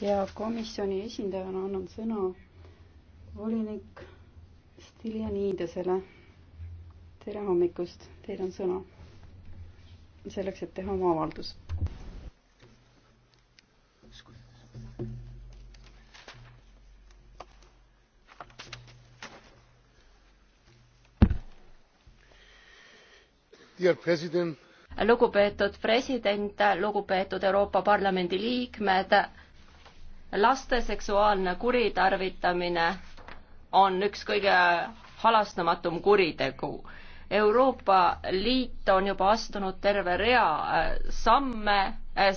ja komisjoni esindajana annan sõna volinik Stiljanidesele. tere hommikust, teil on sõna selleks, et teha oma avaldus. lugupeetud president, lugupeetud Euroopa Parlamendi liikmed laste seksuaalne kuritarvitamine on üks kõige halastamatum kuritegu. Euroopa Liit on juba astunud terve rea äh, samme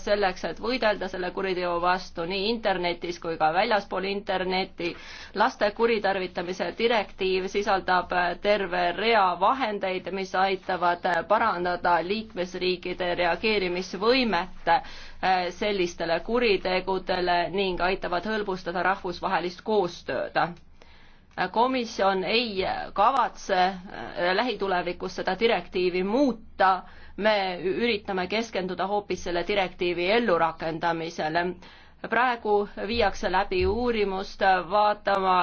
selleks, et võidelda selle kuriteo vastu nii internetis kui ka väljaspool internetti. laste kuritarvitamise direktiiv sisaldab terve rea vahendeid, mis aitavad parandada liikmesriikide reageerimisvõimet eh, sellistele kuritegudele ning aitavad hõlbustada rahvusvahelist koostööd komisjon ei kavatse eh, lähitulevikus seda direktiivi muuta me üritame keskenduda hoopis selle direktiivi ellurakendamisele. praegu viiakse läbi uurimust vaatama,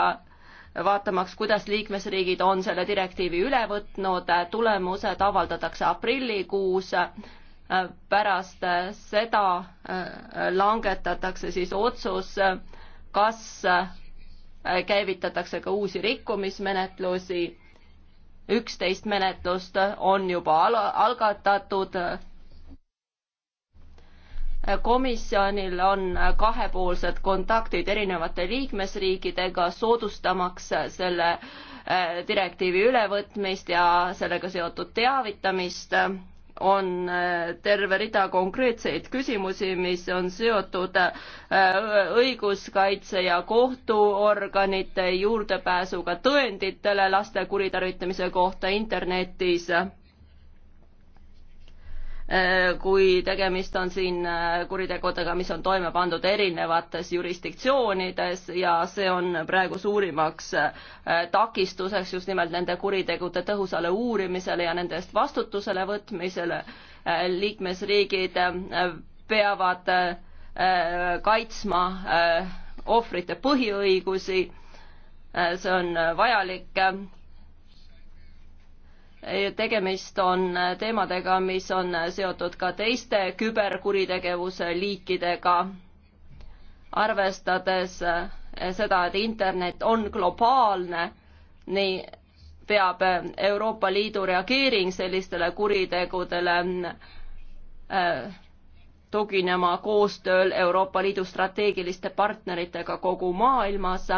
vaatamaks, kuidas liikmesriigid on selle direktiivi üle võtnud, tulemused avaldatakse aprillikuus pärast seda äh, langetatakse siis otsus, kas äh, käivitatakse ka uusi rikkumismenetlusi üksteist menetlust on juba al algatatud. komisjonil on kahepoolsed kontaktid erinevate liikmesriikidega, soodustamaks selle eh, direktiivi ülevõtmist ja sellega seotud teavitamist on äh, terve rida konkreetseid küsimusi, mis on seotud äh, õiguskaitse ja kohtuorganite juurdepääsuga tõenditele laste kuritarvitamise kohta internetis Äh, kui tegemist on siin äh, kuritegudega, mis on toime pandud erinevates jurisdiktsioonides ja see on praegu suurimaks äh, takistuseks just nimelt nende kuritegude tõhusale uurimisele ja nende eest vastutusele võtmisele. liikmesriigid peavad kaitsma ohvrite põhiõigusi, see on vajalik tegemist on äh, teemadega, mis on äh, seotud ka teiste küberkuritegevuse liikidega, arvestades äh, seda, et internet on globaalne, nii peab Euroopa Liidu reageering sellistele kuritegudele tuginema koostööl Euroopa Liidu strateegiliste partneritega kogu maailmas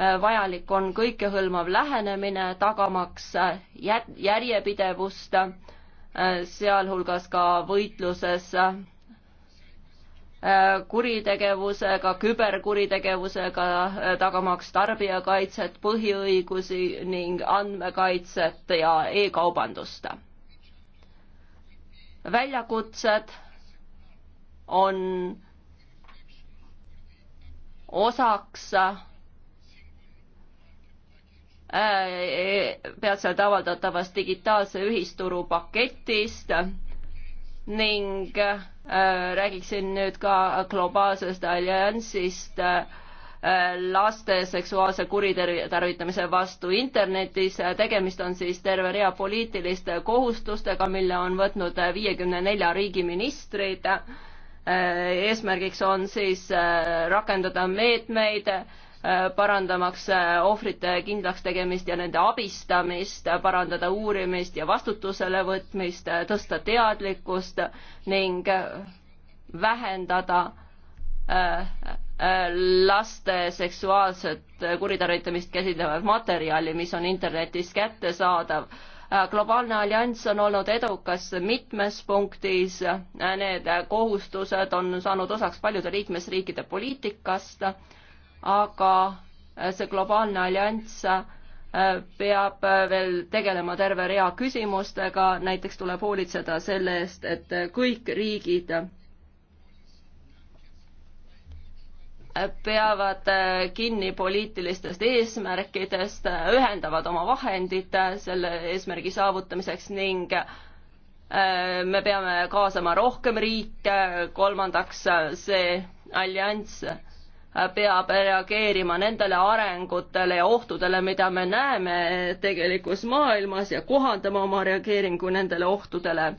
Äh, vajalik on kõikehõlmav lähenemine, tagamaks äh, järjepidevust, äh, sealhulgas ka võitluses kuritegevusega, küberkuritegevusega, tagamaks tarbijakaitset, põhiõigusi ning andmekaitset ja e-kaubandust. väljakutsed on osaks Äh, peatselt avaldatavast digitaalse ühisturu paketist ning äh, räägiksin nüüd ka globaalsest alliansist äh, laste seksuaalse kuritarvitamise vastu internetis. tegemist on siis terve rea poliitiliste kohustustega, mille on võtnud viiekümne nelja riigi ministrid. eesmärgiks on siis rakendada meetmeid, Äh, parandamaks äh, ohvrite kindlaks tegemist ja nende abistamist, parandada uurimist ja vastutusele võtmist, äh, tõsta teadlikkust ning vähendada laste seksuaalset kuritarvitamist käsitlevat materjali, mis on internetis kättesaadav. globaalne allianss on olnud edukas mitmes punktis, need kohustused on saanud osaks paljude liikmesriikide poliitikast aga äh, see globaalne allianss äh, peab äh, veel tegelema terve rea küsimustega, näiteks tuleb hoolitseda selle eest, et kõik riigid peavad kinni poliitilistest eesmärkidest, ühendavad oma vahendid selle eesmärgi saavutamiseks ning me peame kaasama rohkem riike, kolmandaks see allianss peab reageerima nendele arengutele ja ohtudele, mida me näeme tegelikus maailmas ja kohandama oma reageeringu nendele ohtudele.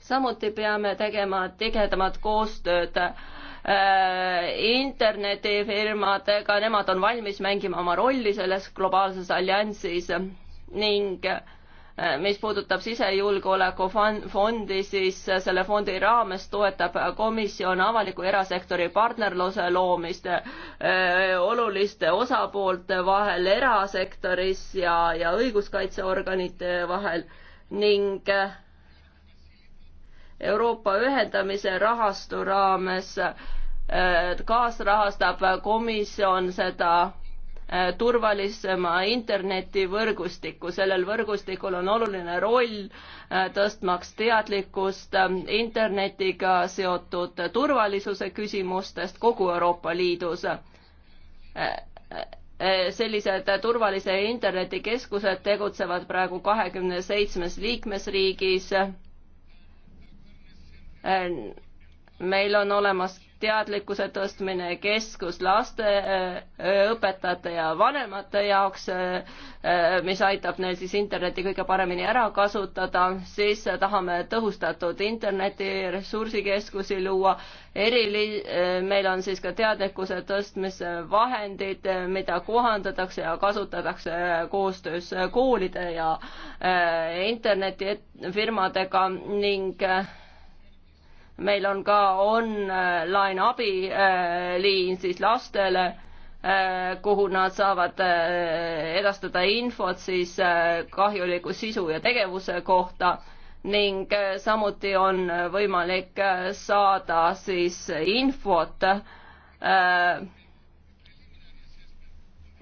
samuti peame tegema tigedamat koostööd äh, internetifirmadega, nemad on valmis mängima oma rolli selles globaalses alliansis ning äh, Äh, mis puudutab sisejulgeolekufondi, siis äh, selle fondi raames toetab äh, komisjon avaliku erasektori partnerluse loomist oluliste osapoolte vahel erasektoris ja, ja õiguskaitseorganite vahel ning Euroopa ühendamise rahastu raames kaasrahastab komisjon seda Äh, turvalisema internetivõrgustiku. sellel võrgustikul on oluline roll äh, tõstmaks teadlikkust äh, internetiga seotud turvalisuse küsimustest kogu Euroopa Liidus. sellised turvalise internetikeskused tegutsevad praegu kahekümne seitsmes liikmesriigis meil on olemas teadlikkuse tõstmine, keskus laste, äh, äh, õpetajate ja vanemate jaoks, äh, mis aitab neil siis interneti kõige paremini ära kasutada, siis tahame tõhustatud interneti ressursikeskusi luua, erili-, meil on siis ka teadlikkuse tõstmise vahendid, mida kohandatakse ja kasutatakse koostöös koolide ja internetifirmadega ning meil on ka online abiliin äh, siis lastele, äh, kuhu nad saavad äh, edastada infot siis kahjuliku sisu ja tegevuse kohta ning samuti on võimalik saada siis infot.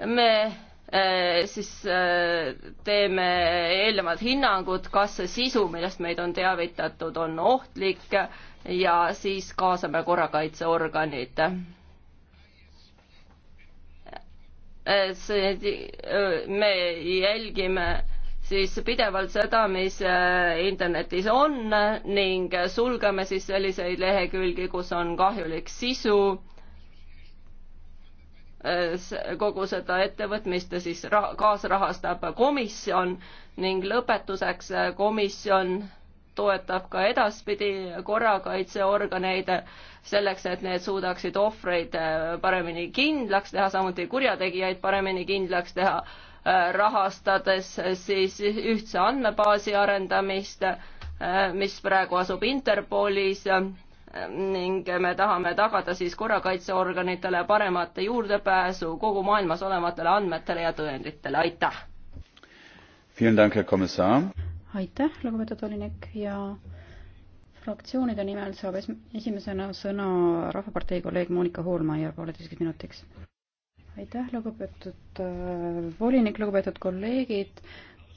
me siis teeme eelnevad hinnangud, kas see sisu, millest meid on teavitatud, on ohtlik ja siis kaasame korrakaitseorganid. see, me jälgime siis pidevalt seda, mis internetis on ning sulgeme siis selliseid lehekülgi, kus on kahjulik sisu. kogu seda ettevõtmist siis kaasrahastab komisjon ning lõpetuseks komisjon toetab ka edaspidi korrakaitseorganeid selleks, et need suudaksid ohvreid äh, paremini kindlaks teha, samuti kurjategijaid paremini kindlaks teha, äh, rahastades siis ühtse andmebaasi arendamist, äh, mis praegu asub Interpolis ning me tahame tagada siis korrakaitseorganitele paremate juurdepääsu kogu maailmas olevatele andmetele ja tõenditele, aitäh! aitäh, lugupeetud volinik ja fraktsioonide nimel saab es-, esimesena sõna Rahvapartei kolleeg Monika Hoolmeier pooleteiseks minutiks. aitäh, lugupeetud äh, volinik, lugupeetud kolleegid,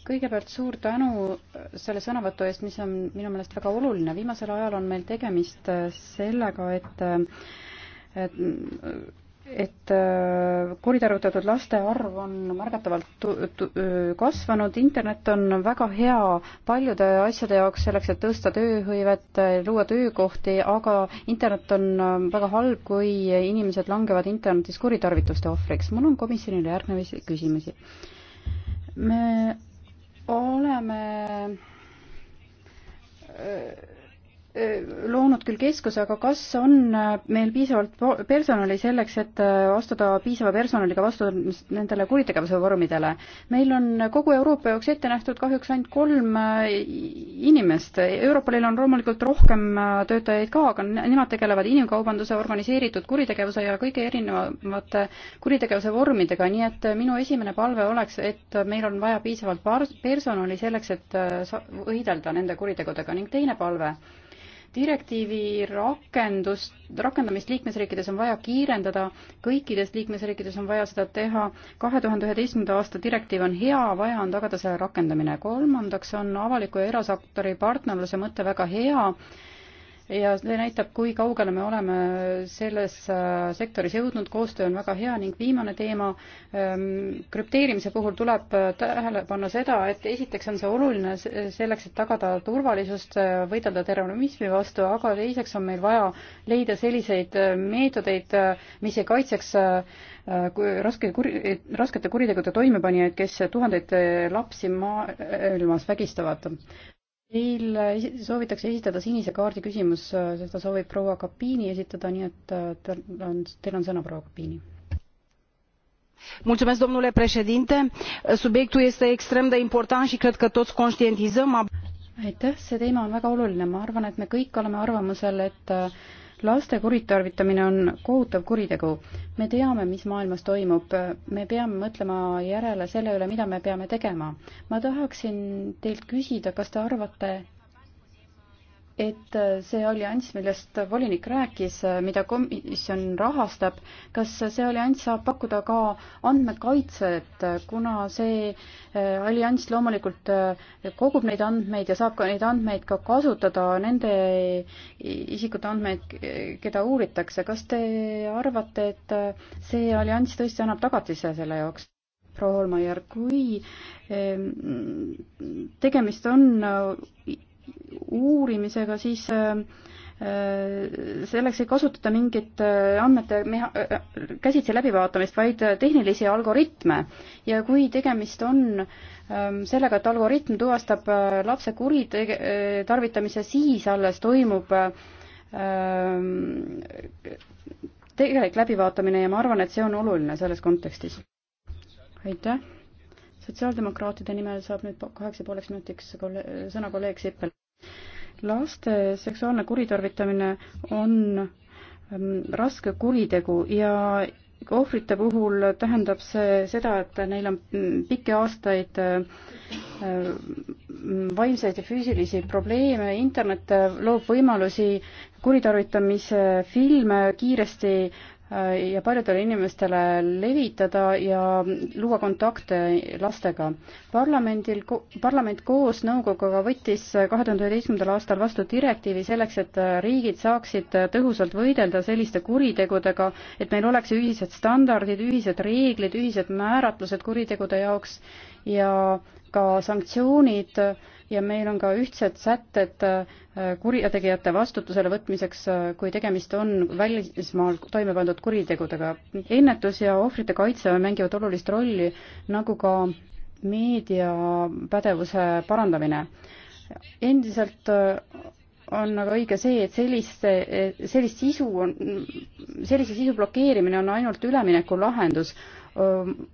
kõigepealt suur tänu äh, selle sõnavõtu eest, mis on minu meelest väga oluline, viimasel ajal on meil tegemist äh, sellega, et, äh, et et äh, kuritarvitatud laste arv on märgatavalt äh, kasvanud, internet on väga hea paljude asjade jaoks, selleks et tõsta tööhõivet, luua töökohti, aga internet on äh, väga halb, kui inimesed langevad internetis kuritarvituste ohvriks. mul on komisjonile järgnevaid küsimusi. me oleme loonud küll keskuse, aga kas on äh, meil piisavalt personali selleks, et äh, astuda piisava personaliga vastu nendele kuritegevuse vormidele? meil on kogu Euroopa jaoks ette nähtud kahjuks ainult kolm äh, inimest. Europolil on loomulikult rohkem töötajaid ka, aga nemad tegelevad inimkaubanduse, organiseeritud kuritegevuse ja kõige erinevate kuritegevuse vormidega, nii et minu esimene palve oleks, et meil on vaja piisavalt personali selleks, et võidelda nende kuritegudega ning teine palve direktiivi rakendust, rakendamist liikmesriikides on vaja kiirendada, kõikides liikmesriikides on vaja seda teha, kahe tuhande üheteistkümnenda aasta direktiiv on hea, vaja on tagada selle rakendamine. kolmandaks on avaliku ja erasektori partnerluse mõte väga hea, ja see näitab, kui kaugele me oleme selles äh, sektoris jõudnud, koostöö on väga hea ning viimane teema, ähm, krüpteerimise puhul tuleb äh, tähele panna seda, et esiteks on see oluline selleks, et tagada turvalisust, äh, võidelda terrorismi vastu, aga teiseks on meil vaja leida selliseid meetodeid, mis ei kaitseks raske kuri, raskete kuritegude toimepanijaid, kes tuhandeid lapsi maailmas vägistavad. Teil äh, soovitakse esitada sinise kaardi küsimus, äh, seda soovib proua Kapiini esitada, nii et äh, teil on, teil on sõna, proua Kapiini. Mulțumesc, domnule președinte. Subiectul este extrem de important și cred că toți conștientizăm. Aitäh, see teema on väga oluline. Ma arvan, et me kõik oleme arvamusel, et laste kuritarvitamine on kohutav kuritegu. me teame, mis maailmas toimub, me peame mõtlema järele selle üle, mida me peame tegema. ma tahaksin teilt küsida, kas te arvate, et äh, see allianss, millest volinik rääkis, äh, mida komisjon rahastab, kas see allianss saab pakkuda ka andmekaitset, kuna see äh, allianss loomulikult kogub neid andmeid ja saab ka neid andmeid ka kasutada, nende isikute andmeid, keda uuritakse. kas te arvate, et see allianss tõesti annab tagatise selle jaoks? proua Holmajärv, kui tegemist on uurimisega, siis äh, selleks ei kasutata mingit äh, andmete meha-, äh, käsitsi läbivaatamist, vaid tehnilisi algoritme. ja kui tegemist on ähm, sellega, et algoritm tuvastab lapse kurite-, tarvitamise, siis alles toimub ähm, tegelik läbivaatamine ja ma arvan, et see on oluline selles kontekstis. aitäh! sotsiaaldemokraatide nimel saab nüüd kaheksa pooleks minutiks kolle sõna kolleeg Sippel. laste seksuaalne kuritarvitamine on ähm, raske kuritegu ja ohvrite puhul tähendab see seda, et neil on mm, pikki aastaid äh, vaimseid ja füüsilisi probleeme, internet loob võimalusi kuritarvitamise filme kiiresti Äh, ja paljudele inimestele levitada ja luua kontakte lastega. parlamendil, parlament koos nõukoguga võttis kahe tuhande üheteistkümnendal aastal vastu direktiivi selleks, et äh, riigid saaksid äh, tõhusalt võidelda selliste kuritegudega, et meil oleks ühised standardid, ühised reeglid, ühised määratlused kuritegude jaoks ja ka sanktsioonid äh, ja meil on ka ühtsed sätted äh, kurjategijate vastutusele võtmiseks, äh, kui tegemist on välismaal toime pandud kuritegudega. ennetus ja ohvrite kaitse mängivad olulist rolli, nagu ka meediapädevuse parandamine. endiselt äh, on aga õige see, et selliste, sellist sisu on, sellise sisu blokeerimine on ainult ülemineku lahendus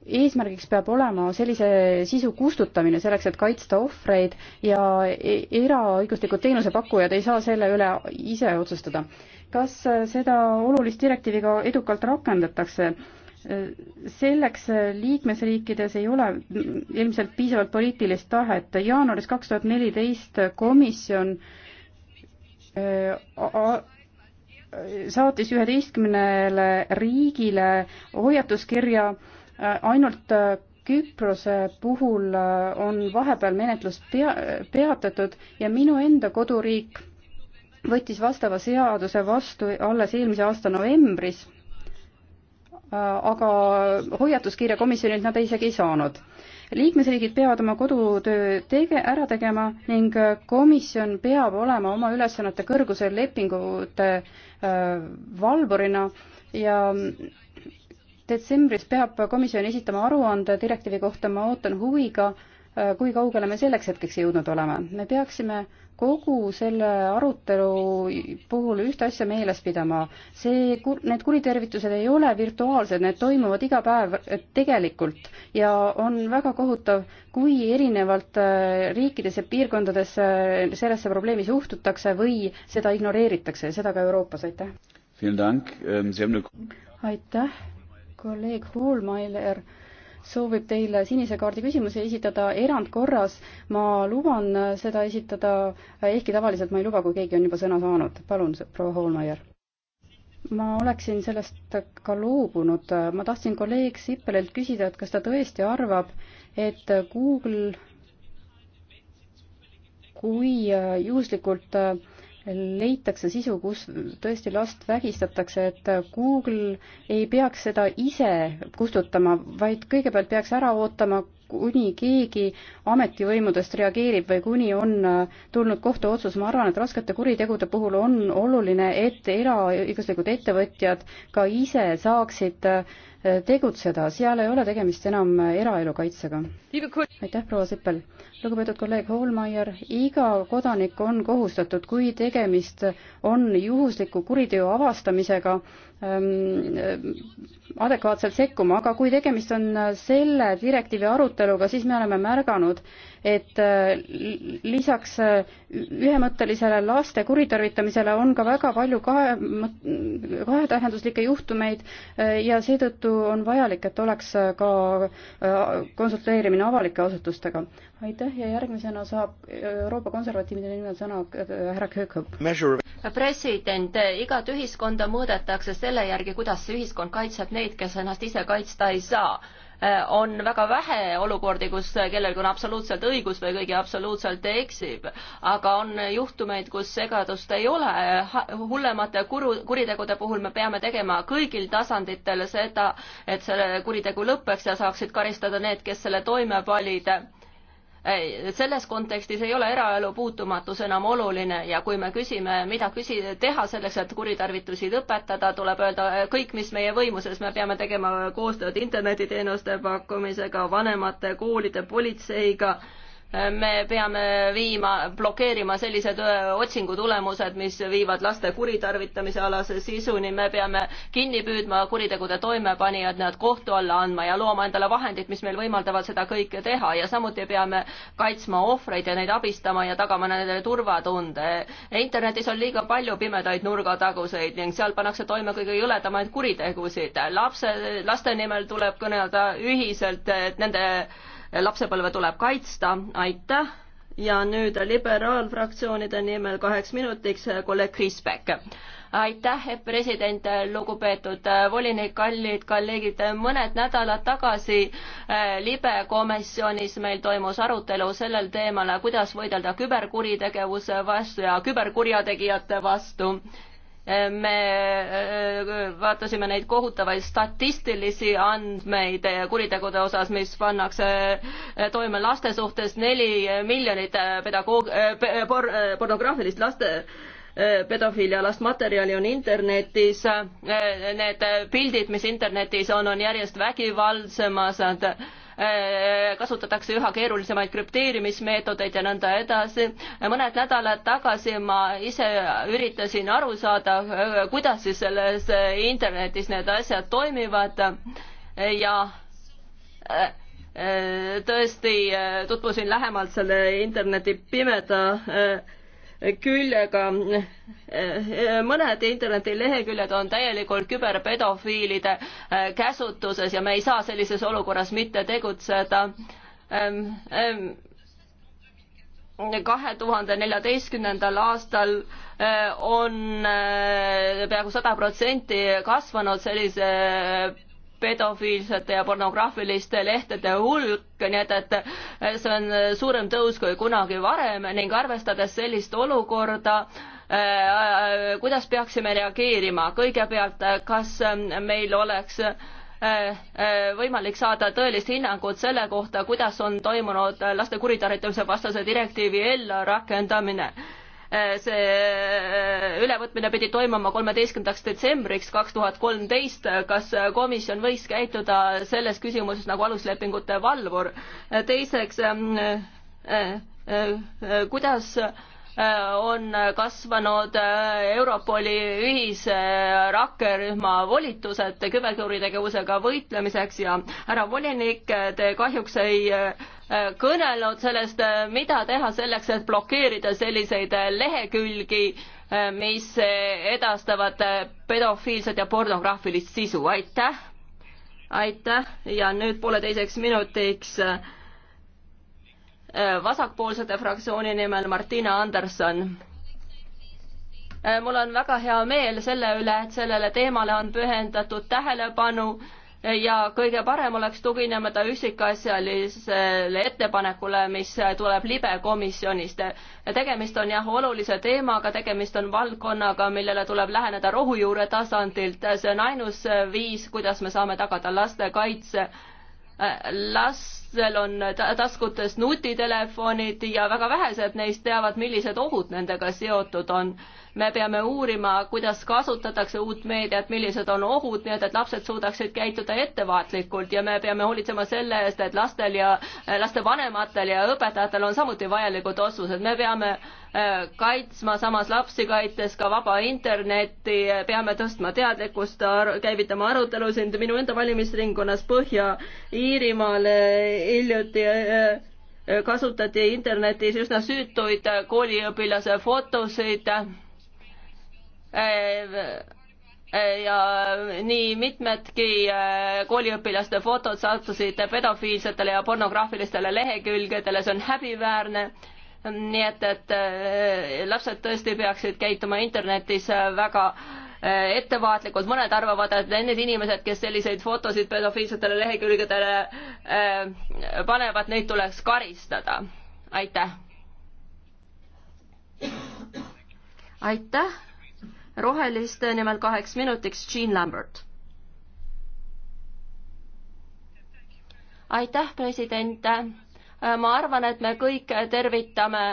eesmärgiks peab olema sellise sisu kustutamine selleks, et kaitsta ohvreid ja e-, eraõiguslikud teenusepakkujad ei saa selle üle ise otsustada. kas äh, seda olulist direktiivi ka edukalt rakendatakse? Äh, selleks äh, liikmesriikides ei ole ilmselt piisavalt poliitilist tahet. jaanuaris kaks tuhat neliteist komisjon saatis üheteistkümnele riigile hoiatuskirja ainult Küprose puhul on vahepeal menetlus pea, peatatud ja minu enda koduriik võttis vastava seaduse vastu alles eelmise aasta novembris, aga hoiatuskirja komisjonilt nad isegi ei saanud liikmesriigid peavad oma kodutöö tege-, ära tegema ning komisjon peab olema oma ülesannete kõrgusel lepingute äh, valvurina ja detsembris peab komisjon esitama aruande direktiivi kohta, ma ootan huviga, äh, kui kaugele me selleks hetkeks jõudnud oleme. me peaksime äh, kogu selle arutelu puhul ühte asja meeles pidama. see, need kuritervitused ei ole virtuaalsed, need toimuvad iga päev tegelikult ja on väga kohutav, kui erinevalt äh, riikides ja piirkondades äh, sellesse probleemi suhtutakse või seda ignoreeritakse ja seda ka Euroopas, aitäh! Ähm, aitäh, kolleeg Hoolmeier soovib teile sinise kaardi küsimusi esitada erandkorras. ma luban seda esitada, ehkki tavaliselt ma ei luba, kui keegi on juba sõna saanud. palun, proua Hoolmeier. ma oleksin sellest ka loobunud. ma tahtsin kolleeg Sippelilt küsida, et kas ta tõesti arvab, et Google kui juhuslikult äh, leitakse sisu, kus tõesti last vägistatakse, et Google ei peaks seda ise kustutama, vaid kõigepealt peaks ära ootama, kuni keegi ametivõimudest reageerib või kuni on tulnud kohtuotsus, ma arvan, et raskete kuritegude puhul on oluline, et eraõiguslikud ettevõtjad ka ise saaksid tegutseda, seal ei ole tegemist enam eraelu kaitsega. aitäh, proua Sippel! lugupeetud kolleeg Holmeier, iga kodanik on kohustatud, kui tegemist on juhusliku kuriteo avastamisega ähm,, adekvaatselt sekkuma, aga kui tegemist on selle direktiivi aruteluga, siis me oleme märganud, et äh, lisaks äh, ühemõttelisele laste kuritarvitamisele on ka väga palju kahe, kahetähenduslikke juhtumeid äh, ja seetõttu on vajalik, et oleks ka konsulteerimine avalike asutustega aitäh ja järgmisena saab Euroopa konservatiivide nimel sõna äh, härra Köökõpp. president, igat ühiskonda mõõdetakse selle järgi, kuidas see ühiskond kaitseb neid, kes ennast ise kaitsta ei saa äh, on väga vähe olukordi, kus kellelgi on absoluutselt õigus või keegi absoluutselt eksib, aga on juhtumeid, kus segadust ei ole. hullemate kuru, kuritegude puhul me peame tegema kõigil tasanditel seda, et selle kuritegu lõpeks ja saaksid karistada need, kes selle toime panid selles kontekstis ei ole eraelu puutumatus enam oluline ja kui me küsime, mida küsi-, teha selleks, et kuritarvitusi lõpetada, tuleb öelda äh, kõik, mis meie võimuses, me peame tegema koostööd internetiteenuste pakkumisega, vanemate, koolide, politseiga me peame viima, blokeerima sellised otsingutulemused, mis viivad laste kuritarvitamise alase sisuni, me peame kinni püüdma kuritegude toimepanijad, nad kohtu alla andma ja looma endale vahendid, mis meil võimaldavad seda kõike teha ja samuti peame kaitsma ohvreid ja neid abistama ja tagama nendele turvatunde. internetis on liiga palju pimedaid nurgataguseid ning seal pannakse toime kõige jõledamaid kuritegusid. lapse, laste nimel tuleb kõnelda ühiselt, et nende lapsepõlve tuleb kaitsta, aitäh ja nüüd liberaalfraktsioonide nimel kaheks minutiks kolleeg Kris Päkk. aitäh, president, lugupeetud volinik, kallid kolleegid, mõned nädalad tagasi eh, libe komisjonis meil toimus arutelu sellel teemal, kuidas võidelda küberkuritegevuse vastu ja küberkurjategijate vastu me äh, äh, vaatasime neid kohutavaid statistilisi andmeid äh, kuritegude osas, mis pannakse toime laste suhtes, neli miljonit pedagoog-, por-, pornograafilist laste pedofiilialast materjali on internetis, need pildid, mis internetis on, on järjest vägivaldsemad Äh, kasutatakse üha keerulisemaid krüpteerimismeetodeid ja nõnda edasi. mõned nädalad tagasi ma ise üritasin aru saada, äh, kuidas siis selles äh, internetis need asjad toimivad ja tõesti tutvusin lähemalt selle interneti pimeda küljega. mõned internetileheküljed on täielikult küberpedofiilide äh, käsutuses ja me ei saa sellises olukorras mitte tegutseda ähm, ähm, kahe tuhande neljateistkümnendal aastal äh, on äh, peaaegu sada protsenti kasvanud sellise pedofiilsete ja pornograafiliste lehtede hulk, nii et, et see on suurem tõus kui kunagi varem ning arvestades sellist olukorda, äh, äh, kuidas peaksime reageerima, kõigepealt, kas meil oleks äh, võimalik saada tõelist hinnangut selle kohta, kuidas on toimunud laste kuritarvitamise vastase direktiivi ellurakendamine Äh, see äh, ülevõtmine pidi toimuma kolmeteistkümnendaks detsembriks kaks tuhat kolmteist. kas äh, komisjon võiks käituda selles küsimuses nagu aluslepingute valvur? teiseks, ähm, kuidas Äh, on kasvanud äh, Europoli ühise rakkerühma volitused küberkuritegevusega võitlemiseks ja härra volinik, te kahjuks ei äh, kõnelenud sellest, mida teha selleks, et blokeerida selliseid lehekülgi, mis edastavad pedofiilset ja pornograafilist sisu, aitäh! aitäh ja nüüd pooleteiseks minutiks Äh, vasakpoolsete fraktsiooni nimel Martina Anderson. Äh, mul on väga hea meel selle üle, et sellele teemale on pühendatud tähelepanu ja kõige parem oleks tuginemata üksikasjalisele ettepanekule, mis tuleb libe komisjonist. tegemist on jah, olulise teemaga, tegemist on valdkonnaga, millele tuleb läheneda rohujuure tasandilt. see on ainus viis, kuidas me saame tagada laste kaitse. Äh, last inimestel on taskutes nutitelefonid ja väga vähesed neist teavad, millised ohud nendega seotud on. me peame uurima, kuidas kasutatakse uut meediat, millised on ohud, nii et, et lapsed suudaksid käituda ettevaatlikult ja me peame hoolitsema selle eest, et lastel ja lastevanematel ja õpetajatel on samuti vajalikud otsused, me peame äh, kaitsma samas lapsi kaitses ka vaba internetti, peame tõstma teadlikkust, käivitama arutelusid, minu enda valimisringkonnas Põhja-Iirimaal hiljuti äh, kasutati internetis üsna süütuid kooliõpilase fotosid äh, äh, ja nii mitmedki kooliõpilaste fotod sattusid pedofiilsetele ja pornograafilistele lehekülgedele, see on häbiväärne. nii et, et lapsed tõesti peaksid käituma internetis väga äh, ettevaatlikult, mõned arvavad, et need inimesed, kes selliseid fotosid pedofiilsetele lehekülgedele äh, panevad, neid tuleks karistada. aitäh. aitäh. roheliste nimel kaheks minutiks Jean Lambert. aitäh, president. Äh, ma arvan, et me kõik tervitame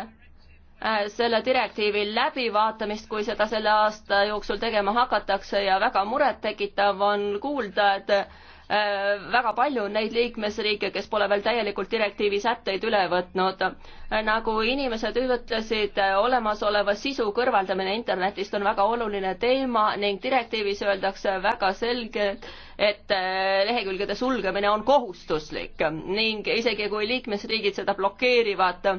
Äh, selle direktiivi läbivaatamist, kui seda selle aasta jooksul tegema hakatakse ja väga murettekitav on kuulda, et äh, väga palju on neid liikmesriike, kes pole veel täielikult direktiivi sätteid üle võtnud. Äh, nagu inimesed ütlesid, olemasoleva sisu kõrvaldamine internetist on väga oluline teema ning direktiivis öeldakse väga selgelt, et lehekülgede sulgemine on kohustuslik ning isegi kui liikmesriigid seda blokeerivad,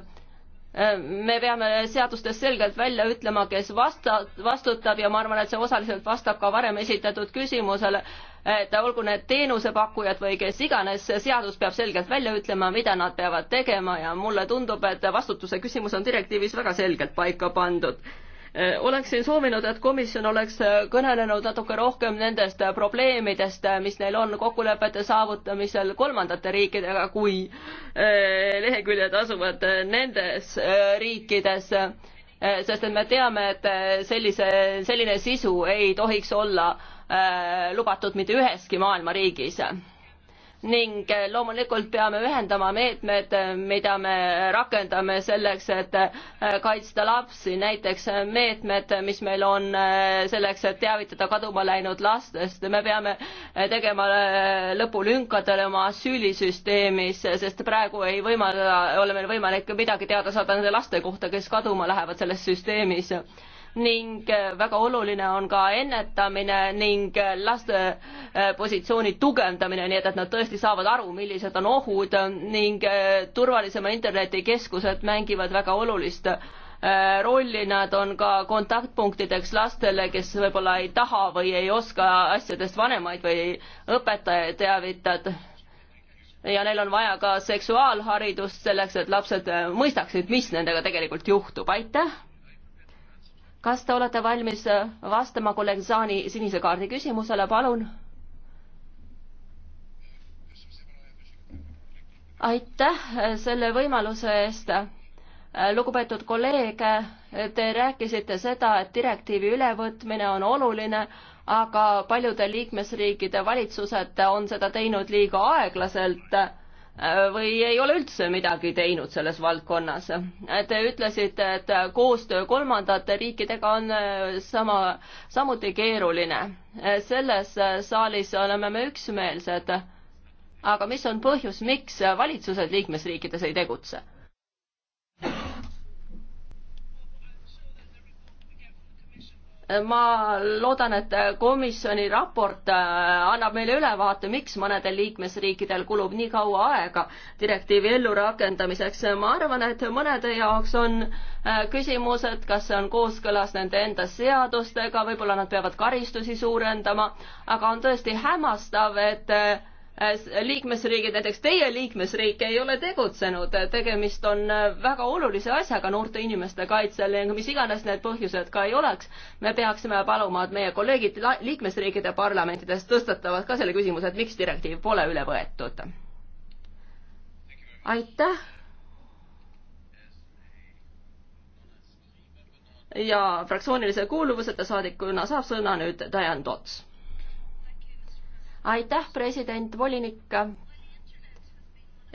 Äh, me peame seadustes selgelt välja ütlema, kes vasta-, vastutab ja ma arvan, et see osaliselt vastab ka varem esitatud küsimusele, et olgu need teenusepakkujad või kes iganes, see seadus peab selgelt välja ütlema, mida nad peavad tegema ja mulle tundub, et vastutuse küsimus on direktiivis väga selgelt paika pandud Äh, oleksin soovinud, et komisjon oleks äh, kõnelenud natuke rohkem nendest äh, probleemidest, mis neil on kokkulepete saavutamisel kolmandate riikidega, kui leheküljed asuvad nendes riikides sest et me teame, et sellise, selline sisu ei tohiks olla lubatud mitte üheski maailma riigis ning eh, loomulikult peame ühendama meetmed, eh, mida me rakendame selleks, et eh, kaitsta lapsi, näiteks meetmed, mis meil on selleks, et teavitada kaduma läinud lastest, me peame tegema lõpu lünkadele oma asüülisüsteemis, sest praegu ei võimalda, ei ole meil võimalik midagi teada saada nende laste kohta, kes kaduma lähevad selles süsteemis ning äh, väga oluline on ka ennetamine ning äh, laste äh, positsiooni tugevdamine, nii et, et nad tõesti saavad aru, millised on ohud ning turvalisema internetikeskused mängivad väga olulist rolli, nad on ka kontaktpunktideks lastele, kes võib-olla ei taha või ei oska asjadest vanemaid või õpetajaid teavitada ja neil on vaja ka seksuaalharidust selleks, et lapsed mõistaksid, mis nendega tegelikult juhtub, aitäh! kas te olete valmis äh, vastama kolleeg Zani sinise kaardi küsimusele, palun? aitäh äh, selle võimaluse eest. Äh, lugupeetud kolleeg, te rääkisite seda, et direktiivi ülevõtmine on oluline, aga paljude liikmesriikide valitsused on seda teinud liiga aeglaselt Äh, või ei ole üldse midagi teinud selles valdkonnas. Te ütlesite, et koostöö kolmandate riikidega on äh, sama, samuti keeruline. Äh, selles saalis oleme me üksmeelsed. aga mis on põhjus, miks valitsused liikmesriikides ei tegutse? ma loodan, et komisjoni raport äh, annab meile ülevaate, miks mõnedel liikmesriikidel kulub nii kaua aega direktiivi ellurakendamiseks. ma arvan, et mõnede jaoks on äh, küsimus, et kas see on kooskõlas nende enda seadustega, võib-olla nad peavad karistusi suurendama, aga on tõesti hämmastav, et äh, Äh, liikmesriigid, näiteks teie liikmesriik ei ole tegutsenud, tegemist on äh, väga olulise asjaga noorte inimeste kaitsel ja mis iganes need põhjused ka ei oleks, me peaksime paluma, et meie kolleegid liikmesriikide parlamentides tõstatavad ka selle küsimuse, et miks direktiiv pole üle võetud. aitäh. ja fraktsioonilise kuuluvuseta saadikuna saab sõna nüüd Diane Tots aitäh, president, volinik.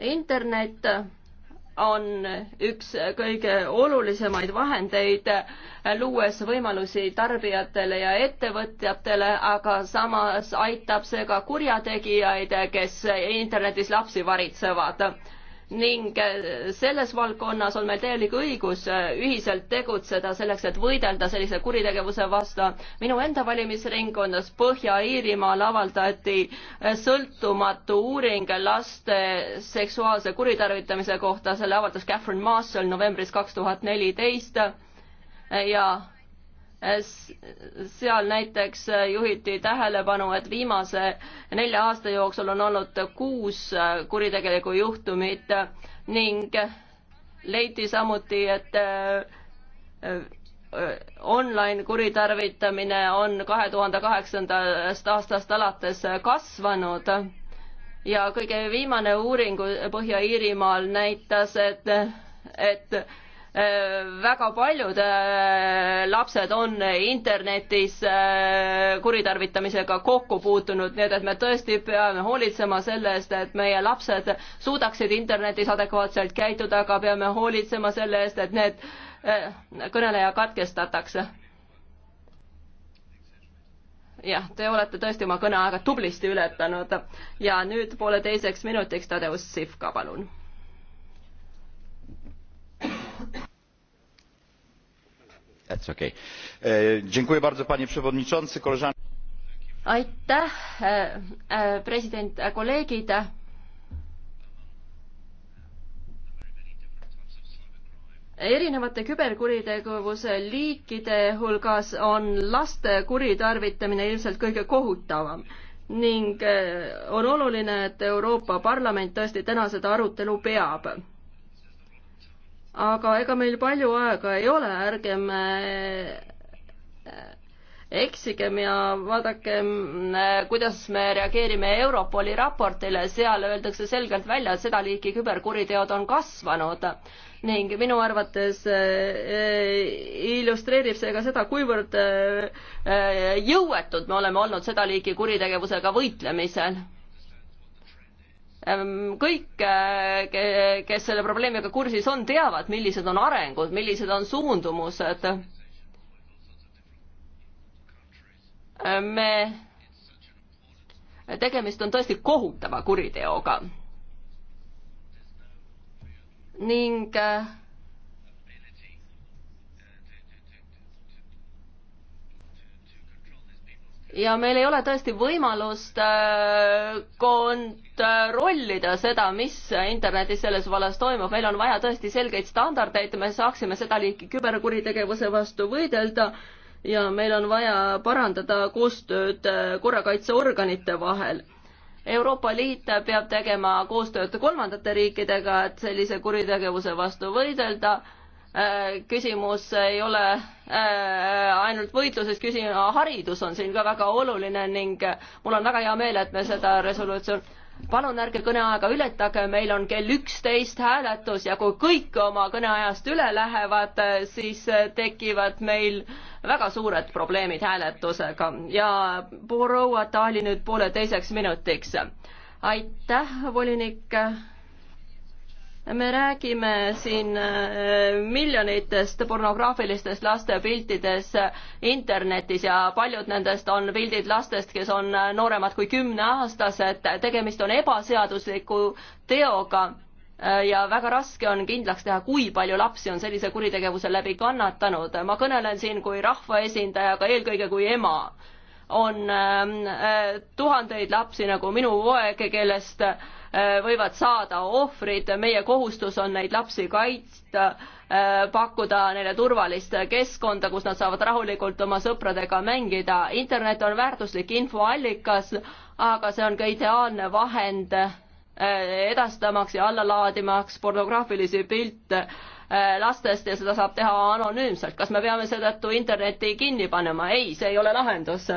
internet on üks kõige olulisemaid vahendeid, luues võimalusi tarbijatele ja ettevõtjatele, aga samas aitab see ka kurjategijaid, kes internetis lapsi varitsevad ning äh, selles valdkonnas on meil täielik õigus äh, ühiselt tegutseda selleks, et võidelda sellise kuritegevuse vastu. minu enda valimisringkonnas Põhja-Iirimaal avaldati äh, sõltumatu uuring laste seksuaalse kuritarvitamise kohta, selle avaldas Catherine Marshall novembris kaks tuhat neliteist ja seal näiteks juhiti tähelepanu, et viimase nelja aasta jooksul on olnud kuus kuritegelikku juhtumit ning leiti samuti, et äh, online kuritarvitamine on kahe tuhande kaheksandast aastast alates kasvanud ja kõige viimane uuring Põhja-Iirimaal näitas, et, et Äh, väga paljud äh, lapsed on internetis äh, kuritarvitamisega kokku puutunud, nii et, et me tõesti peame hoolitsema selle eest, et meie lapsed suudaksid internetis adekvaatselt käituda, aga peame hoolitsema selle eest, et need, kõneleja katkestatakse. jah, te olete tõesti oma kõneaega tublisti ületanud ja nüüd pooleteiseks minutiks Tadeusz Sivka, palun E, panie przewodniczący! aitäh e, e, president kolleegid! erinevate küberkuritegevuse liikide hulgas on laste kuritarvitamine ilmselt kõige kohutavam ning on oluline et euroopa parlament tõesti täna seda arutelu peab aga ega meil palju aega ei ole, ärgem äh, eksigem ja vaadakem, äh, kuidas me reageerime Europoli raportile, seal öeldakse selgelt välja, et seda liiki küberkuriteod on kasvanud ning minu arvates äh, illustreerib see ka seda, kuivõrd jõuetud me oleme olnud seda liiki kuritegevusega võitlemisel Ehm, kõik, äh, kes selle probleemiga kursis on, teavad, millised on arengud, millised on suundumused. Ehm, me, tegemist on tõesti kohutava kuriteoga. ning äh, ja meil ei ole tõesti võimalust äh, kontrollida seda, mis internetis selles vallas toimub, meil on vaja tõesti selgeid standardeid, me saaksime seda liiki küberkuritegevuse vastu võidelda ja meil on vaja parandada koostööd äh, korrakaitseorganite vahel. Euroopa Liit peab tegema koostööd kolmandate riikidega, et sellise kuritegevuse vastu võidelda Äh, küsimus ei ole äh, ainult võitluses, küsimus, äh, haridus on siin ka väga oluline ning mul on väga hea meel, et me seda resolutsioon palun ärge kõneaega ületage, meil on kell üksteist hääletus ja kui kõik oma kõneajast üle lähevad, siis tekivad meil väga suured probleemid hääletusega ja proua Taali nüüd pooleteiseks minutiks. aitäh, volinik me räägime siin äh, miljonitest pornograafilistest laste piltides internetis ja paljud nendest on pildid lastest, kes on äh, nooremad kui kümneaastased, tegemist on ebaseadusliku teoga äh, ja väga raske on kindlaks teha, kui palju lapsi on sellise kuritegevuse läbi kannatanud. ma kõnelen siin kui rahvaesindaja, aga eelkõige kui ema. on ähm, äh, tuhandeid lapsi nagu minu poeg, kellest äh, Äh, võivad saada ohvrid, meie kohustus on neid lapsi kaitsta, äh, pakkuda neile turvalist keskkonda, kus nad saavad rahulikult oma sõpradega mängida. internet on väärtuslik infoallikas, aga see on ka ideaalne vahend äh, edastamaks ja allalaadimaks pornograafilisi pilte lastest ja seda saab teha anonüümselt. kas me peame seetõttu interneti kinni panema? ei, see ei ole lahendus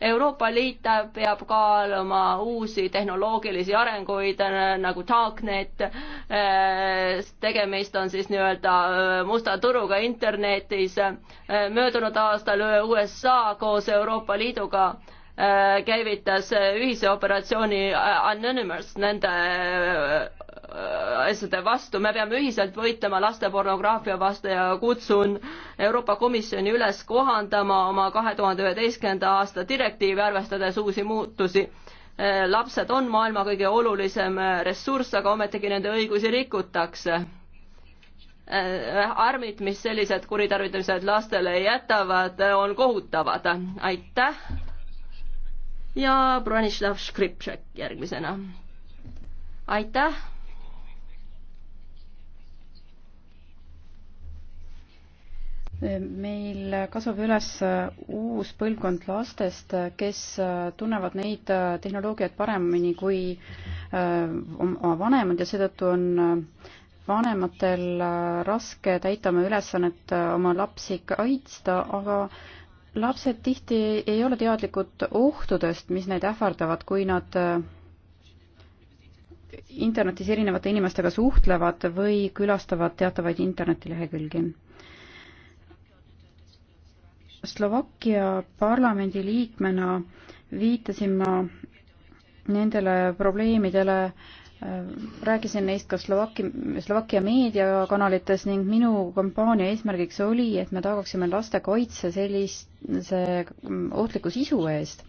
Euroopa Liit peab kaaluma uusi tehnoloogilisi arenguid nagu Darknet, äh, tegemist on siis nii-öelda äh, musta turuga internetis. Äh, möödunud aastal USA koos Euroopa Liiduga käivitas ühise operatsiooni Anonymous nende Äh, asjade vastu, me peame ühiselt võitlema lastepornograafia vastu ja kutsun Euroopa Komisjoni üles kohandama oma kahe tuhande üheteistkümnenda aasta direktiivi, arvestades uusi muutusi. Äh, lapsed on maailma kõige olulisem äh, ressurss, aga ometigi nende õigusi rikutakse armid, mis sellised kuritarvitamised lastele jätavad, on kohutavad. aitäh. ja Branislav Škripšek järgmisena. aitäh meil kasvab üles uus põlvkond lastest, kes tunnevad neid tehnoloogiaid paremini kui äh, oma vanemad ja seetõttu on äh, vanematel äh, raske täita oma ülesannet oma lapsi kaitsta, aga lapsed tihti ei ole teadlikud ohtudest, mis neid ähvardavad, kui nad internetis erinevate inimestega suhtlevad või külastavad teatavaid internetilehekülgi Slovakkia parlamendi liikmena viitasin ma nendele probleemidele, äh, rääkisin neist ka Slovakki, Slovakkia meediakanalites ning minu kampaania eesmärgiks oli, et me tagaksime laste kaitse sellise mm, ohtliku sisu eest.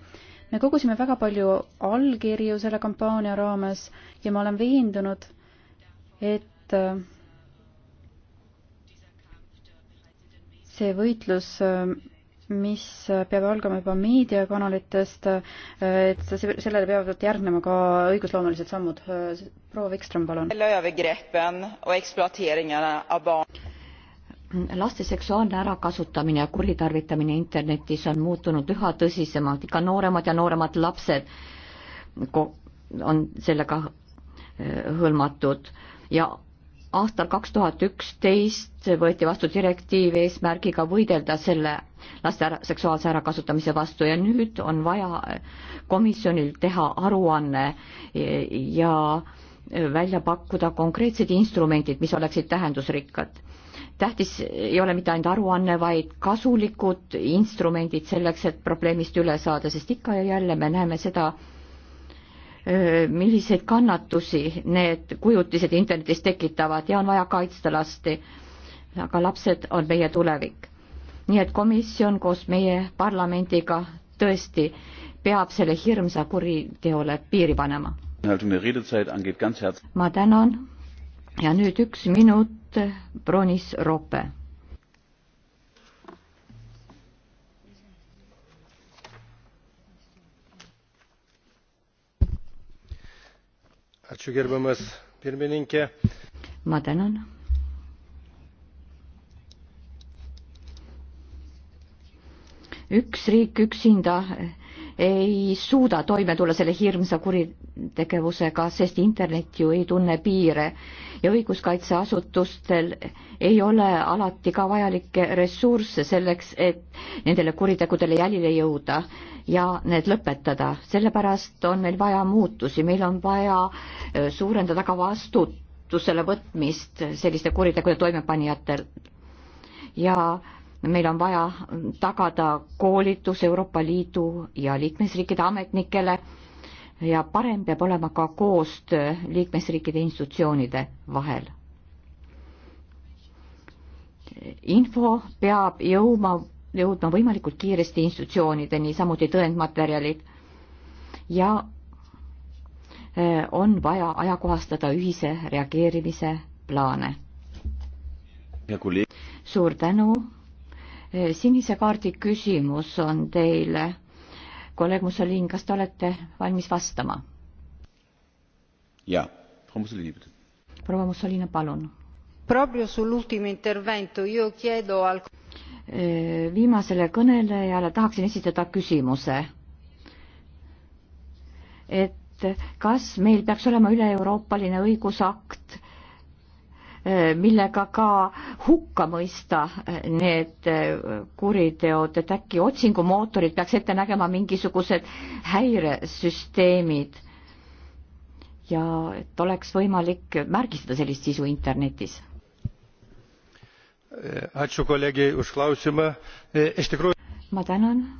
me kogusime väga palju allkirju selle kampaania raames ja ma olen veendunud, et äh, see võitlus äh, mis peab algama juba meediakanalitest, et sellele peavad järgnema ka õigusloomelised sammud. proua Vikström, palun. laste seksuaalne ärakasutamine ja kuritarvitamine internetis on muutunud üha tõsisemalt, ikka nooremad ja nooremad lapsed on sellega eh, hõlmatud ja aastal kaks tuhat üksteist võeti vastu direktiiv eesmärgiga võidelda selle laste ära, seksuaalse ärakasutamise vastu ja nüüd on vaja komisjonil teha aruanne ja välja pakkuda konkreetsed instrumendid, mis oleksid tähendusrikkad. tähtis ei ole mitte ainult aruanne, vaid kasulikud instrumendid selleks, et probleemist üle saada, sest ikka ja jälle me näeme seda, milliseid kannatusi need kujutised internetis tekitavad ja on vaja kaitsta lasti. aga lapsed on meie tulevik. nii et komisjon koos meie parlamendiga tõesti peab selle hirmsa kuriteole piiri panema. ma tänan ja nüüd üks minut Bronis Rope ma tänan. üks riik üksinda ei suuda toime tulla selle hirmsa kuri kuritegevusega, sest internet ju ei tunne piire ja õiguskaitseasutustel ei ole alati ka vajalikke ressursse selleks, et nendele kuritegudele jälile jõuda ja need lõpetada. sellepärast on meil vaja muutusi, meil on vaja äh, suurendada ka vastutusele võtmist selliste kuritegude toimepanijatel. ja meil on vaja tagada koolitus Euroopa Liidu ja liikmesriikide ametnikele ja parem peab olema ka koostöö liikmesriikide institutsioonide vahel. info peab jõuma, jõudma võimalikult kiiresti institutsioonideni, samuti tõendmaterjalid ja e, on vaja ajakohastada ühise reageerimise plaane. suur tänu. E, sinise kaardi küsimus on teile kolleeg Mussolini, kas te olete valmis vastama? jaa, proua Mussolini. proua Mussolini, palun. viimasele kõnelejale tahaksin esitada küsimuse. et kas meil peaks olema üle-euroopaline õigusakt millega ka hukka mõista need kuriteod, et äkki otsingumootorid peaks ette nägema mingisugused häiresüsteemid. ja et oleks võimalik märgistada sellist sisu internetis. E, ma tänan.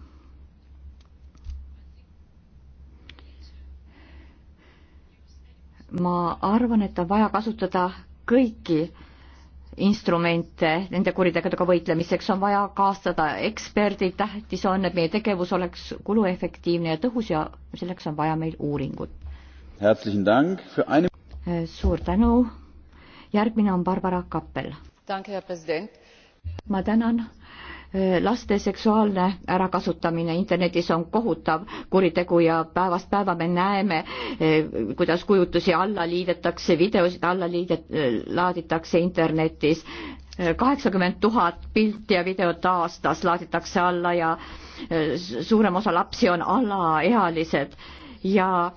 ma arvan, et on vaja kasutada kõiki instrumente nende kuritegudega võitlemiseks on vaja kaastada eksperdid, tähtis on, et meie tegevus oleks kuluefektiivne ja tõhus ja selleks on vaja meil uuringut. suur tänu. järgmine on Barbara Kappel. ma tänan Äh, laste seksuaalne ärakasutamine internetis on kohutav kuritegu ja päevast päeva me näeme, äh, kuidas kujutusi alla liidetakse, videosid alla liidet-, laaditakse internetis. Äh, kaheksakümmend tuhat pilti ja videot aastas laaditakse alla ja suurem osa lapsi on alaealised ja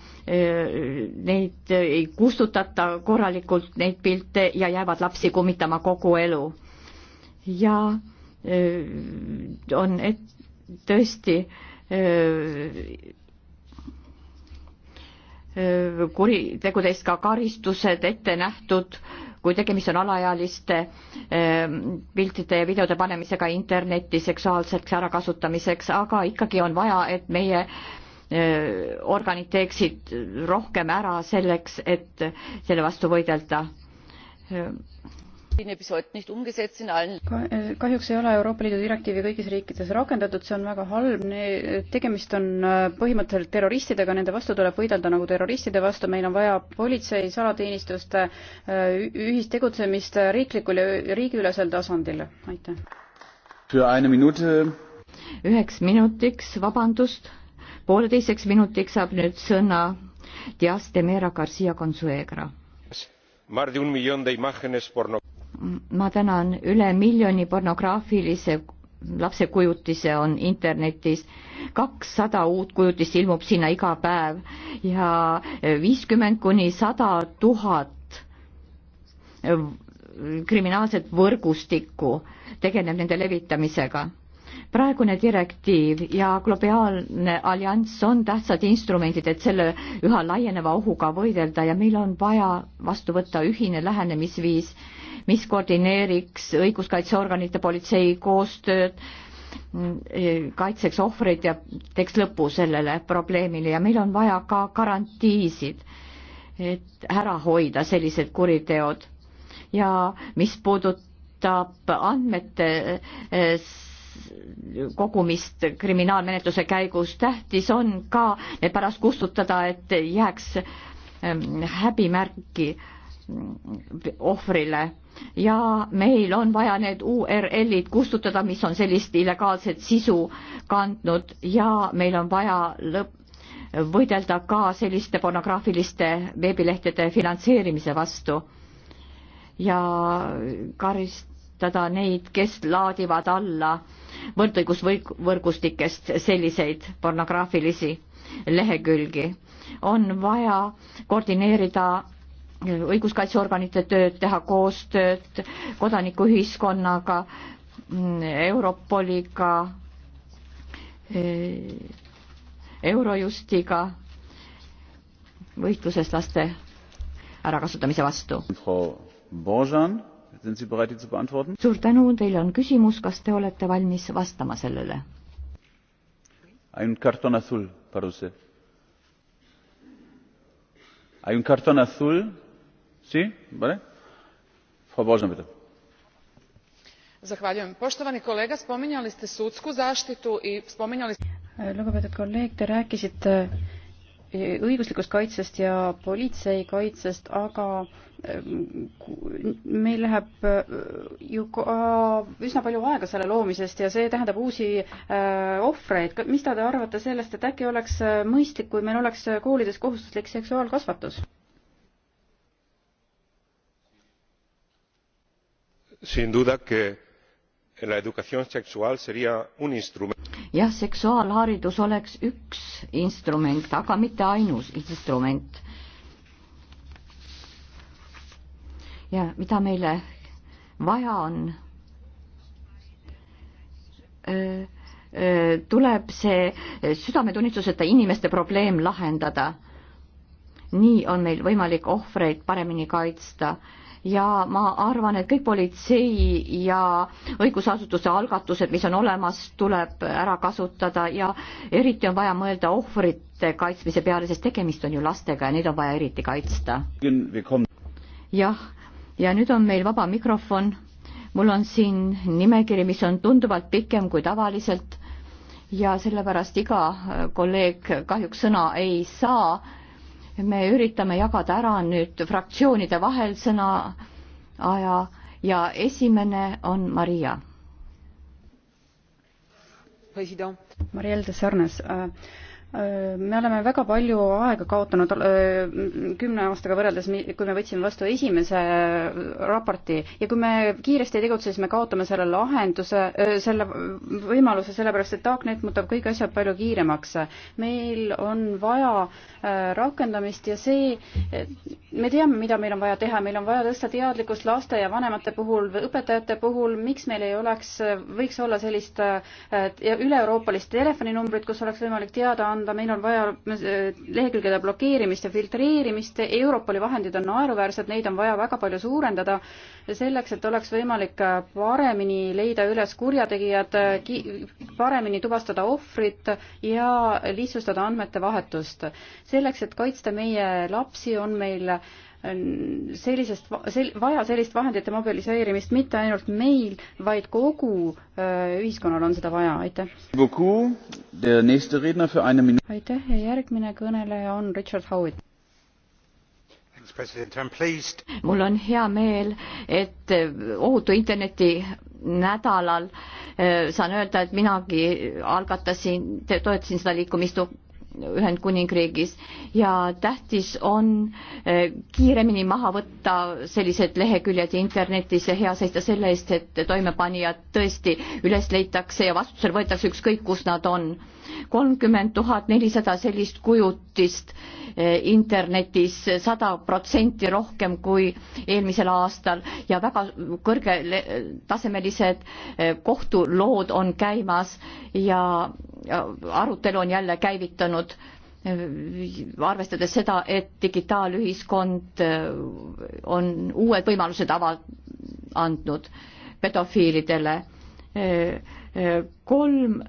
neid ei kustutata korralikult, neid pilte, ja jäävad lapsi kummitama kogu elu. ja äh, Äh, on et, tõesti äh, äh, kuritegude eest ka karistused ette nähtud, kui tegemist on alaealiste piltide ja videode panemisega internetti seksuaalseks ärakasutamiseks, aga ikkagi on vaja, et meie organid teeksid rohkem ära selleks, et selle vastu võidelda. Eh, kahjuks ei ole Euroopa Liidu direktiivi kõigis riikides rakendatud, see on väga halb, eh, tegemist on eh, põhimõtteliselt terroristidega, nende vastu tuleb võidelda nagu terroristide vastu, meil on vaja politsei, salateenistuste ühistegutsemist riiklikul ja riigiülesel tasandil, aitäh. üheks minutiks, vabandust, pooleteiseks minutiks saab nüüd sõna Dias de Mera Garcia Consuegra más de un millón de imágenes pornográficas ma tänan, üle miljoni pornograafilise lapsekujutise on internetis, kakssada uut kujutist ilmub sinna iga päev ja viiskümmend kuni sada tuhat kriminaalset võrgustikku tegeleb nende levitamisega. praegune direktiiv ja globaalne allianss on tähtsad instrumendid, et selle üha laieneva ohuga võidelda ja meil on vaja vastu võtta ühine lähenemisviis mis koordineeriks õiguskaitseorganite politsei koostööd, kaitseks ohvreid ja teeks lõpu sellele probleemile ja meil on vaja ka garantiisid, et ära hoida sellised kuriteod. ja mis puudutab andmete eh, kogumist kriminaalmenetluse käigus, tähtis on ka need pärast kustutada, et jääks ehm, häbimärki äh, ohvrile ja meil on vaja need URL-id kustutada, mis on sellist illegaalset sisu kandnud ja meil on vaja lõpp, võidelda ka selliste pornograafiliste veebilehtede finantseerimise vastu ja karistada neid, kes laadivad alla võrdõigusvõrgustikest selliseid pornograafilisi lehekülgi. on vaja koordineerida õiguskaitseorganite tööd, teha koostööd kodanikuühiskonnaga, Europoliga, Eurojustiga võitluses laste ärakasutamise vastu. suur tänu, teil on küsimus, kas te olete valmis vastama sellele? hay un cartón azul poštovani kolega spominjali ste sudsku zaštitu i spominjali ste. Eh, lugupeetud kolleeg te rääkisite eh, õiguslikust kaitsest ja politsei kaitsest aga eh, meil läheb ju ka üsna palju aega selle loomisest ja see tähendab uusi ohvreid mis te arvate sellest et äkki oleks mõistlik kui meil oleks koolides kohustuslik seksuaalkasvatus? sin duda que la educación sexual sería un instrumento. jah, seksuaalharidus oleks üks instrument, aga mitte ainus instrument. ja mida meile vaja on öö, tuleb see südametunnistuseta inimeste probleem lahendada. nii on meil võimalik ohvreid paremini kaitsta ja ma arvan, et kõik politsei ja õigusasutuse algatused, mis on olemas, tuleb ära kasutada ja eriti on vaja mõelda ohvrite kaitsmise peale, sest tegemist on ju lastega ja neid on vaja eriti kaitsta. jah, ja nüüd on meil vaba mikrofon. mul on siin nimekiri, mis on tunduvalt pikem kui tavaliselt ja sellepärast iga kolleeg kahjuks sõna ei saa me üritame jagada ära nüüd fraktsioonide vahel sõna aja ja esimene on Maria. Marielle de Sarnes äh, Äh, me oleme väga palju aega kaotanud äh, kümne aastaga võrreldes, kui me võtsime vastu esimese äh, raporti ja kui me kiiresti ei tegutse, siis me kaotame selle lahenduse, selle võimaluse, sellepärast et Darknet muudab kõik asjad palju kiiremaks. meil on vaja rakendamist ja see, me teame, mida meil on vaja teha, meil on vaja tõsta teadlikkust laste ja vanemate puhul, õpetajate puhul, miks meil ei oleks, võiks olla sellist üle-euroopalist telefoninumbrit, kus oleks võimalik teada anda, anda, meil on vaja lehekülgede blokeerimist ja filtreerimist, Europoli vahendid on naeruväärsed, neid on vaja väga palju suurendada, selleks, et oleks võimalik paremini leida üles kurjategijad, paremini tuvastada ohvrit ja lihtsustada andmete vahetust. selleks, et kaitsta meie lapsi, on meil äh, sellisest, sel-, vaja sellist vahendite mobiliseerimist mitte ainult meil, vaid kogu ühiskonnal on seda vaja, aitäh. aitäh ja järgmine kõneleja on Richard Howitt mul on hea meel, et ohutu interneti nädalal saan öelda, et minagi algatasin, toetasin seda liikumist Ühendkuningriigis ja tähtis on eh, kiiremini maha võtta sellised leheküljed internetis ja hea seista selle eest, et toimepanijad tõesti üles leitakse ja vastutusele võetakse ükskõik, kus nad on kolmkümmend tuhat nelisada sellist kujutist eh, internetis, sada protsenti rohkem kui eelmisel aastal ja väga kõrgetasemelised eh, kohtulood on käimas ja arutelu on jälle käivitanud eh, arvestades seda, et digitaalühiskond on uued võimalused ava-, andnud pedofiilidele. kolm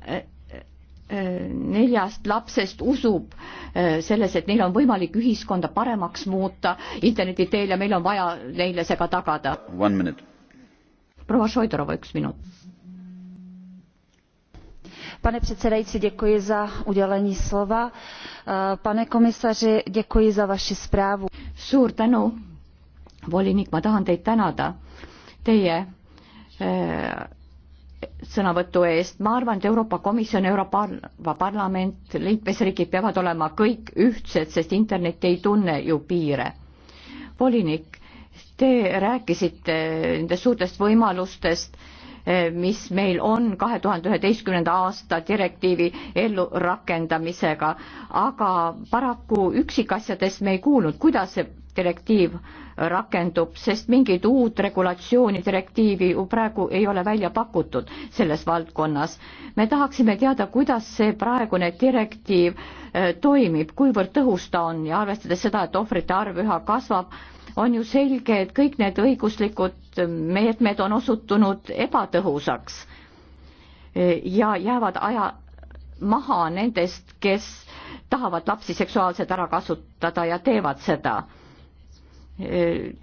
neljast lapsest usub eh, selles, et neil on võimalik ühiskonda paremaks muuta interneti teel ja meil on vaja neile see ka tagada. proua Šoidorova, üks minut. Pane předsedající, děkuji za udělení slova. Eh, pane komisaři, děkuji za vaši zprávu. Suur tänu, volinik, ma tahan teid tänada. Teie äh, sõnavõtu eest, ma arvan, et Euroopa Komisjon, Euroopa Parlament, liikmesriigid peavad olema kõik ühtsed, sest internet ei tunne ju piire. volinik, te rääkisite nendest suurtest võimalustest, eh, mis meil on kahe tuhande üheteistkümnenda aasta direktiivi ellurakendamisega, aga paraku üksikasjades me ei kuulnud, kuidas see direktiiv rakendub, sest mingit uut regulatsiooni direktiivi ju praegu ei ole välja pakutud selles valdkonnas. me tahaksime teada, kuidas see praegune direktiiv äh, toimib, kuivõrd tõhus ta on ja arvestades seda, et ohvrite arv üha kasvab, on ju selge, et kõik need õiguslikud äh, meetmed on osutunud ebatõhusaks äh, ja jäävad aja maha nendest, kes tahavad lapsi seksuaalselt ära kasutada ja teevad seda Äh,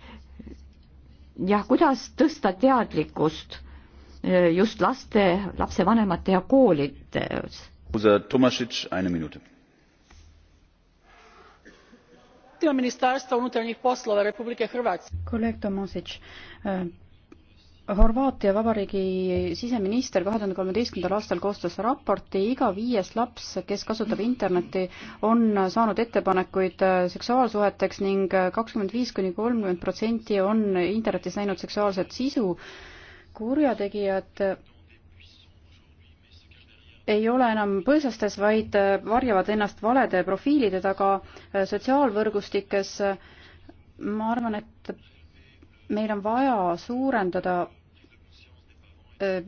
jah, kuidas tõsta teadlikkust äh, just laste, lapsevanemate ja koolides? ministarstva unutarnjih poslova republike hrvatske. kolleeg tomai äh, Horvaatia Vabariigi siseminister kahe tuhande kolmeteistkümnendal aastal koostas raporti, iga viies laps, kes kasutab Internetti, on saanud ettepanekuid seksuaalsuheteks ning kakskümmend viis kuni kolmkümmend protsenti on Internetis näinud seksuaalset sisu. kurjategijad ei ole enam põõsastes, vaid varjavad ennast valede profiilide taga sotsiaalvõrgustikes. ma arvan, et meil on vaja suurendada Äh,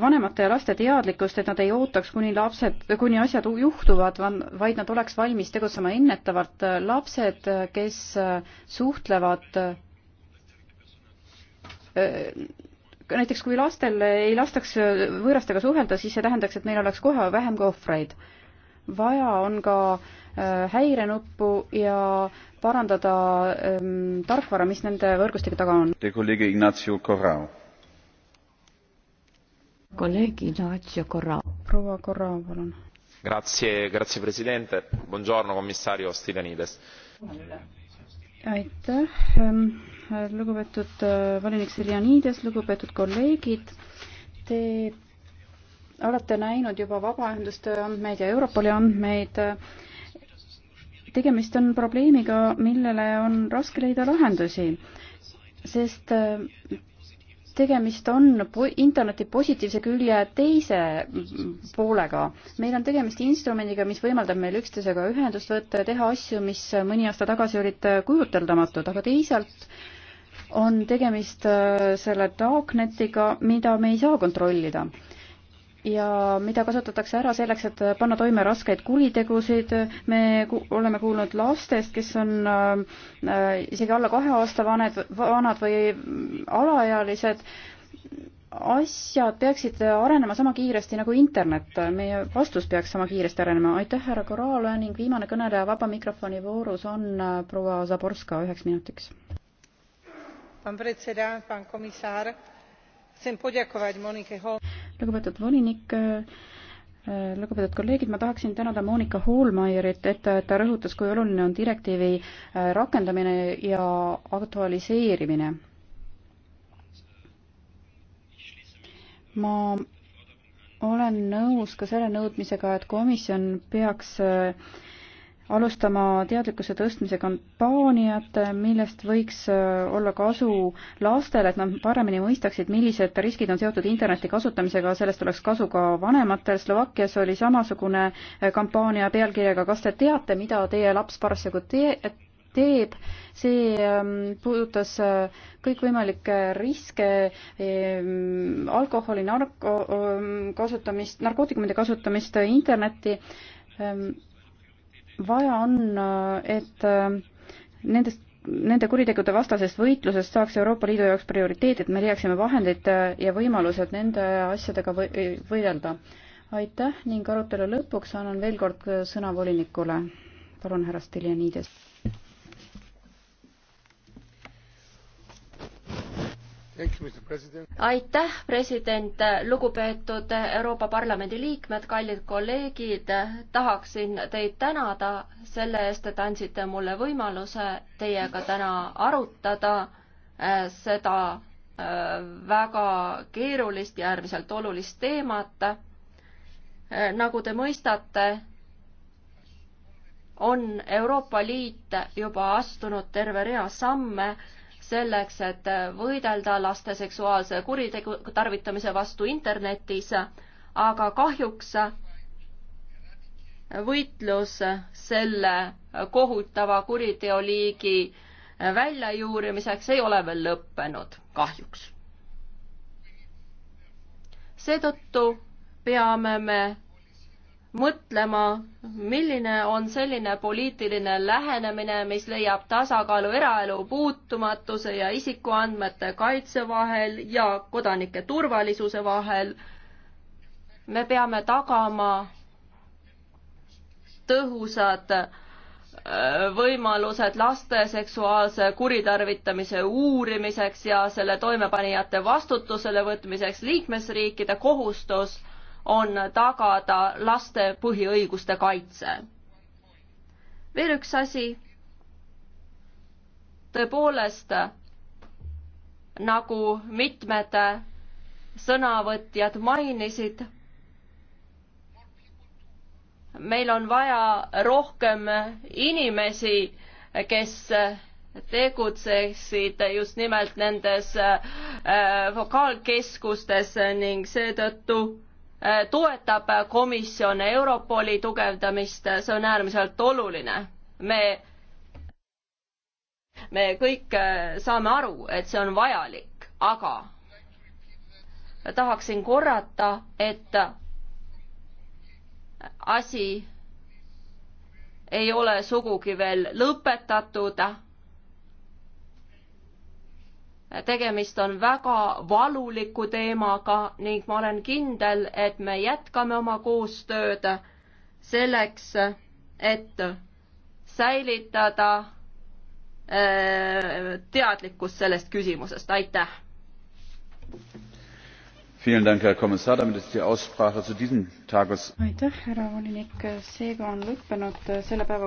vanemate ja laste teadlikkust, et nad ei ootaks, kuni lapsed, kuni asjad juhtuvad, vaid nad oleks valmis tegutsema ennetavalt. lapsed, kes äh, suhtlevad äh, näiteks kui lastel ei lastaks võõrastega suhelda, siis see tähendaks, et neil oleks kohe vähem ka ohvreid. vaja on ka häirenuppu ja parandada ähm, tarkvara, mis nende võrgustike taga on. kolleeg Ignacio Corrao kolleeg Ignacio Corrao. proua Corrao, palun. Grazie, grazie presidente, buongiorno commissario Stylianides. aitäh, ehm, lugupeetud äh, volinik Stylianides, lugupeetud kolleegid. Te olete näinud juba vabaühenduste andmeid ja Europoli andmeid. tegemist on probleemiga, millele on raske leida lahendusi, sest äh, tegemist on po interneti positiivse külje teise poolega. meil on tegemist instrumendiga, mis võimaldab meil üksteisega ühendust võtta ja teha asju, mis mõni aasta tagasi olid kujuteldamatud, aga teisalt on tegemist äh, selle darknetiga, mida me ei saa kontrollida ja mida kasutatakse ära selleks, et panna toime raskeid kuritegusid. me oleme kuulnud lastest, kes on äh, isegi alla kahe aasta vaned, vanad või alaealised. asjad peaksid arenema sama kiiresti nagu internet, meie vastus peaks sama kiiresti arenema. aitäh, härra Koralo ning viimane kõneleja vaba mikrofoni voorus on äh, proua Zaborska üheks minutiks. pan predseda, pan komisar lugupeetud volinik äh, lugupeetud kolleegid, ma tahaksin tänada Monika Hoolmeierit, et ta rõhutas, kui oluline on direktiivi äh, rakendamine ja aktualiseerimine. ma olen nõus ka selle nõudmisega, et komisjon peaks äh, alustama teadlikkuse tõstmise kampaaniat, millest võiks äh, olla kasu lastele, et nad paremini mõistaksid, millised riskid on seotud interneti kasutamisega, sellest oleks kasu ka vanematel. Slovakkias oli samasugune äh, kampaania pealkirjaga Kas te teate, mida teie laps parasjagu te teeb, see ähm, puudutas äh, kõikvõimalikke riske, ehm, alkoholi, narko ehm, kasutamist, narkootikumide kasutamist, internetti ehm, vaja on, äh, et äh, nendest nende kuritegude vastasest võitlusest saaks Euroopa Liidu jaoks prioriteet, et me leiaksime vahendid äh, ja võimalused nende asjadega võidelda. aitäh ning arutelu lõpuks annan veel kord sõna volinikule. palun, härra Stiljanides aitäh, president, lugupeetud Euroopa Parlamendi liikmed, kallid kolleegid, tahaksin teid tänada selle eest, et andsite mulle võimaluse teiega täna arutada äh, seda äh, väga keerulist ja äärmiselt olulist teemat. Äh, nagu te mõistate, on Euroopa Liit juba astunud terve rea samme selleks, et võidelda laste seksuaalse kuritegu, tarvitamise vastu internetis, aga kahjuks võitlus selle kohutava kuriteoliigi väljajuurimiseks ei ole veel lõppenud, kahjuks. seetõttu peame me mõtlema, milline on selline poliitiline lähenemine, mis leiab tasakaalu eraelu puutumatuse ja isikuandmete kaitse vahel ja kodanike turvalisuse vahel. me peame tagama tõhusad äh, võimalused laste seksuaalse kuritarvitamise uurimiseks ja selle toimepanijate vastutusele võtmiseks liikmesriikide kohustus on tagada laste põhiõiguste kaitse. veel üks asi. tõepoolest, nagu mitmed sõnavõtjad mainisid, meil on vaja rohkem inimesi, kes tegutseksid just nimelt nendes äh, vokaalkeskustes ning seetõttu Äh, toetab komisjon Europoli tugevdamist, see on äärmiselt oluline. me, me kõik äh, saame aru, et see on vajalik, aga tahaksin korrata, et asi ei ole sugugi veel lõpetatud tegemist on väga valuliku teemaga ning ma olen kindel, et me jätkame oma koostööd selleks, et säilitada äh, teadlikkus sellest küsimusest, aitäh. aitäh, härra volinik, seega on lõppenud selle päeva